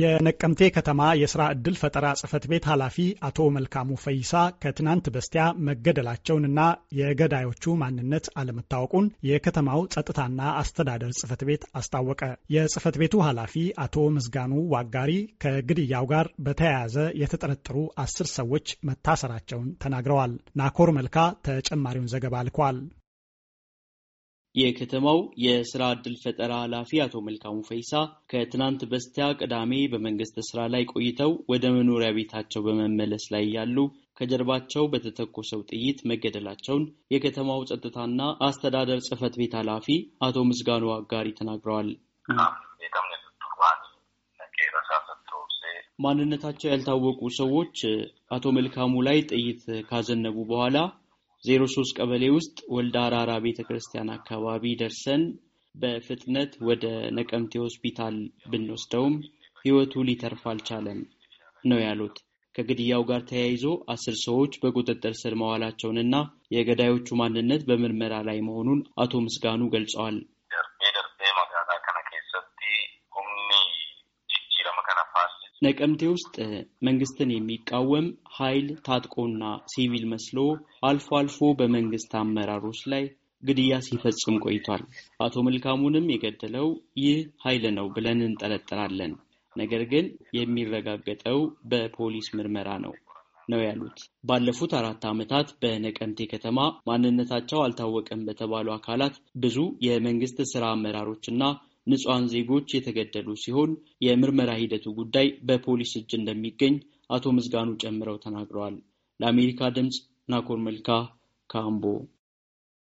የነቀምቴ ከተማ የስራ ዕድል ፈጠራ ጽህፈት ቤት ኃላፊ አቶ መልካሙ ፈይሳ ከትናንት በስቲያ መገደላቸውንና የገዳዮቹ ማንነት አለመታወቁን የከተማው ጸጥታና አስተዳደር ጽህፈት ቤት አስታወቀ። የጽህፈት ቤቱ ኃላፊ አቶ ምዝጋኑ ዋጋሪ ከግድያው ጋር በተያያዘ የተጠረጠሩ አስር ሰዎች መታሰራቸውን ተናግረዋል። ናኮር መልካ ተጨማሪውን ዘገባ ልኳል። የከተማው የስራ ዕድል ፈጠራ ኃላፊ አቶ መልካሙ ፈይሳ ከትናንት በስቲያ ቅዳሜ በመንግስት ስራ ላይ ቆይተው ወደ መኖሪያ ቤታቸው በመመለስ ላይ ያሉ ከጀርባቸው በተተኮሰው ጥይት መገደላቸውን የከተማው ጸጥታና አስተዳደር ጽህፈት ቤት ኃላፊ አቶ ምስጋኑ አጋሪ ተናግረዋል። ማንነታቸው ያልታወቁ ሰዎች አቶ መልካሙ ላይ ጥይት ካዘነቡ በኋላ ዜሮ ሶስት ቀበሌ ውስጥ ወልደ አራራ ቤተ ክርስቲያን አካባቢ ደርሰን በፍጥነት ወደ ነቀምቴ ሆስፒታል ብንወስደውም ሕይወቱ ሊተርፍ አልቻለም ነው ያሉት። ከግድያው ጋር ተያይዞ አስር ሰዎች በቁጥጥር ስር መዋላቸውንና የገዳዮቹ ማንነት በምርመራ ላይ መሆኑን አቶ ምስጋኑ ገልጸዋል። ነቀምቴ ውስጥ መንግስትን የሚቃወም ኃይል ታጥቆና ሲቪል መስሎ አልፎ አልፎ በመንግስት አመራሮች ላይ ግድያ ሲፈጽም ቆይቷል። አቶ መልካሙንም የገደለው ይህ ኃይል ነው ብለን እንጠረጥራለን። ነገር ግን የሚረጋገጠው በፖሊስ ምርመራ ነው ነው ያሉት። ባለፉት አራት ዓመታት በነቀምቴ ከተማ ማንነታቸው አልታወቀም በተባሉ አካላት ብዙ የመንግስት ስራ አመራሮችና ንጹሐን ዜጎች የተገደሉ ሲሆን የምርመራ ሂደቱ ጉዳይ በፖሊስ እጅ እንደሚገኝ አቶ ምስጋኑ ጨምረው ተናግረዋል። ለአሜሪካ ድምፅ ናኮር መልካ ካምቦ